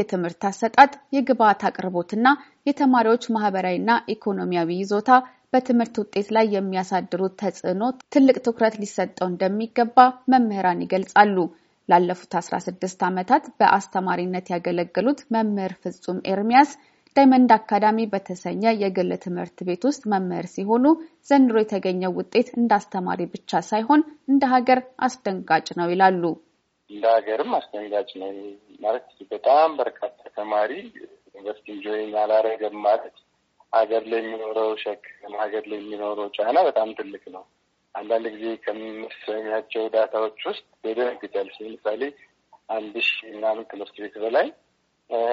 የትምህርት አሰጣጥ፣ የግብዓት አቅርቦትና የተማሪዎች ማህበራዊና ኢኮኖሚያዊ ይዞታ በትምህርት ውጤት ላይ የሚያሳድሩት ተጽዕኖ ትልቅ ትኩረት ሊሰጠው እንደሚገባ መምህራን ይገልጻሉ። ላለፉት 16 ዓመታት በአስተማሪነት ያገለገሉት መምህር ፍጹም ኤርሚያስ ዳይመንድ አካዳሚ በተሰኘ የግል ትምህርት ቤት ውስጥ መምህር ሲሆኑ ዘንድሮ የተገኘው ውጤት እንዳስተማሪ ብቻ ሳይሆን እንደ ሀገር አስደንጋጭ ነው ይላሉ። እንደ ሀገርም አስደንጋጭ ነው ማለት በጣም በርካታ ተማሪ ዩኒቨርሲቲ ጆይን አላረገም ማለት ሀገር ላይ የሚኖረው ሸክም፣ ሀገር ላይ የሚኖረው ጫና በጣም ትልቅ ነው። አንዳንድ ጊዜ ከምሰሚያቸው ዳታዎች ውስጥ ይደነግጣለች። ለምሳሌ አንድ ሺ ምናምን ትምህርት ቤት በላይ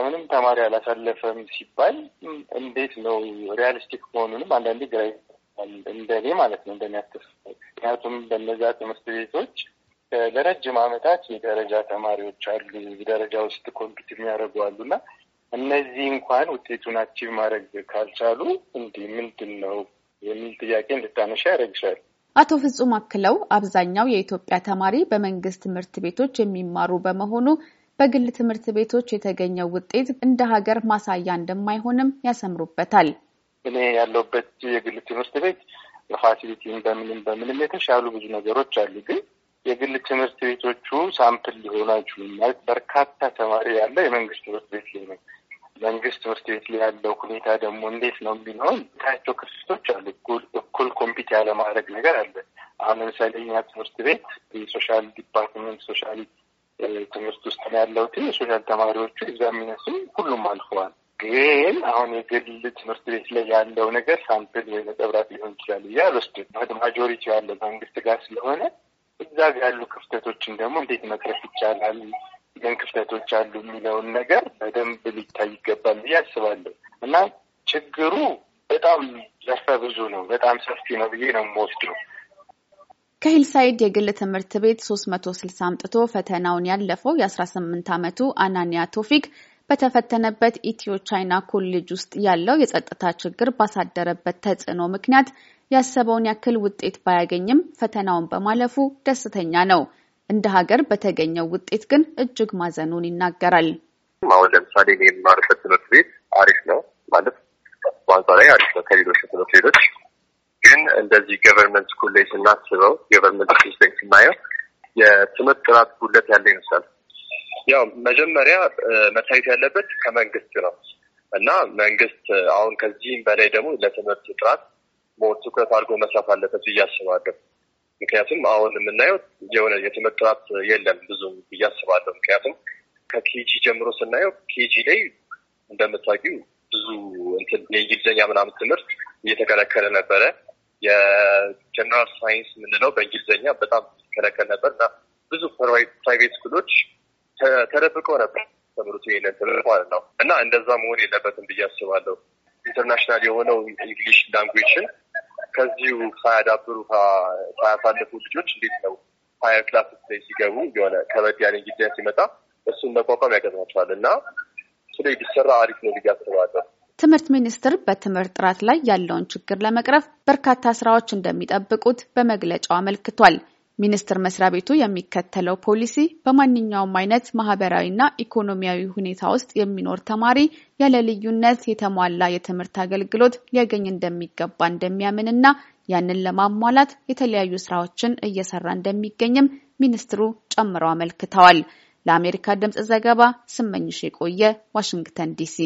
ምንም ተማሪ አላሳለፈም ሲባል እንዴት ነው ሪያሊስቲክ መሆኑንም አንዳንዴ ግራ እንደኔ ማለት ነው እንደሚያስተስ ምክንያቱም በነዛ ትምህርት ቤቶች ለረጅም ዓመታት የደረጃ ተማሪዎች አሉ። ደረጃ ውስጥ ኮምፒውተር የሚያደርጉ አሉ እና እነዚህ እንኳን ውጤቱን አቺቭ ማድረግ ካልቻሉ እንዲህ ምንድን ነው የሚል ጥያቄ እንድታነሻ ያደረግሻል። አቶ ፍጹም አክለው አብዛኛው የኢትዮጵያ ተማሪ በመንግስት ትምህርት ቤቶች የሚማሩ በመሆኑ በግል ትምህርት ቤቶች የተገኘው ውጤት እንደ ሀገር ማሳያ እንደማይሆንም ያሰምሩበታል። እኔ ያለሁበት የግል ትምህርት ቤት ፋሲሊቲን በምንም በምንም የተሻሉ ብዙ ነገሮች አሉ ግን የግል ትምህርት ቤቶቹ ሳምፕል ሊሆኑ አይችሉም። ማለት በርካታ ተማሪ ያለ የመንግስት ትምህርት ቤት ላይ ነው። መንግስት ትምህርት ቤት ላይ ያለው ሁኔታ ደግሞ እንዴት ነው የሚለውን ታቸው ክፍተቶች አሉ። እኩል ኮምፒት ያለማድረግ ነገር አለ። አሁን ለምሳሌ እኛ ትምህርት ቤት የሶሻል ዲፓርትመንት ሶሻል ትምህርት ውስጥ ነው ያለሁት። የሶሻል ተማሪዎቹ ኤግዛሚነሱ ሁሉም አልፈዋል። ግን አሁን የግል ትምህርት ቤት ላይ ያለው ነገር ሳምፕል ወይ ነጠብራት ሊሆን ይችላል እያ ርስድ ማጆሪቲ ያለው መንግስት ጋር ስለሆነ እዛ ጋ ያሉ ክፍተቶችን ደግሞ እንዴት መቅረፍ ይቻላል፣ ምን ክፍተቶች አሉ የሚለውን ነገር በደንብ ሊታይ ይገባል ብዬ አስባለሁ እና ችግሩ በጣም ዘርፈ ብዙ ነው፣ በጣም ሰፊ ነው ብዬ ነው የምወስደው። ከሂልሳይድ የግል ትምህርት ቤት 360 አምጥቶ ፈተናውን ያለፈው የ18 ዓመቱ አናኒያ ቶፊክ በተፈተነበት ኢትዮ ቻይና ኮሌጅ ውስጥ ያለው የጸጥታ ችግር ባሳደረበት ተጽዕኖ ምክንያት ያሰበውን ያክል ውጤት ባያገኝም ፈተናውን በማለፉ ደስተኛ ነው። እንደ ሀገር በተገኘው ውጤት ግን እጅግ ማዘኑን ይናገራል። አሁን ለምሳሌ እኔ የምማርበት ትምህርት ቤት አሪፍ ነው ማለት በአንጻ ላይ አሪፍ ነው ከሌሎች ትምህርት ቤቶች ግን እንደዚህ ገቨርንመንት ስኩል ላይ ስናስበው ገቨርንመንት ስኩል ላይ ስናየው የትምህርት ጥራት ጉለት ያለ ይመስላል። ያው መጀመሪያ መታየት ያለበት ከመንግስት ነው እና መንግስት አሁን ከዚህም በላይ ደግሞ ለትምህርት ጥራት ሞር ትኩረት አድርጎ መስራት አለበት ብዬ አስባለሁ። ምክንያቱም አሁን የምናየው የሆነ የትምህርት ጥራት የለም ብዙም ብዬ አስባለሁ። ምክንያቱም ከኬጂ ጀምሮ ስናየው ኬጂ ላይ እንደምታውቂው ብዙ የእንግሊዝኛ ምናምን ትምህርት እየተከለከለ ነበረ። የጀነራል ሳይንስ የምንለው በእንግሊዝኛ በጣም ይከለከል ነበር እና ብዙ ፕራይቬት ስኩሎች ተደብቀው ነበር ተምሩት ይሄንን ትምህርት ማለት ነው እና እንደዛ መሆን የለበትም ብዬ አስባለሁ። ኢንተርናሽናል የሆነው እንግሊሽ ላንጉዌጅን ከዚሁ ሳያዳብሩ ሳያሳልፉ ልጆች እንዴት ነው ሀያር ክላስ ላይ ሲገቡ የሆነ ከበድ ያለ እንግሊዝኛ ሲመጣ እሱን መቋቋም ያገዝናቸዋል እና ስለ ቢሰራ አሪፍ ነው ብዬ አስባለሁ። ትምህርት ሚኒስቴር በትምህርት ጥራት ላይ ያለውን ችግር ለመቅረፍ በርካታ ስራዎች እንደሚጠብቁት በመግለጫው አመልክቷል። ሚኒስቴር መስሪያ ቤቱ የሚከተለው ፖሊሲ በማንኛውም አይነት ማህበራዊና ኢኮኖሚያዊ ሁኔታ ውስጥ የሚኖር ተማሪ ያለ ልዩነት የተሟላ የትምህርት አገልግሎት ሊያገኝ እንደሚገባ እንደሚያምንና ያንን ለማሟላት የተለያዩ ስራዎችን እየሰራ እንደሚገኝም ሚኒስትሩ ጨምረው አመልክተዋል። ለአሜሪካ ድምጽ ዘገባ ስመኝሽ የቆየ ዋሽንግተን ዲሲ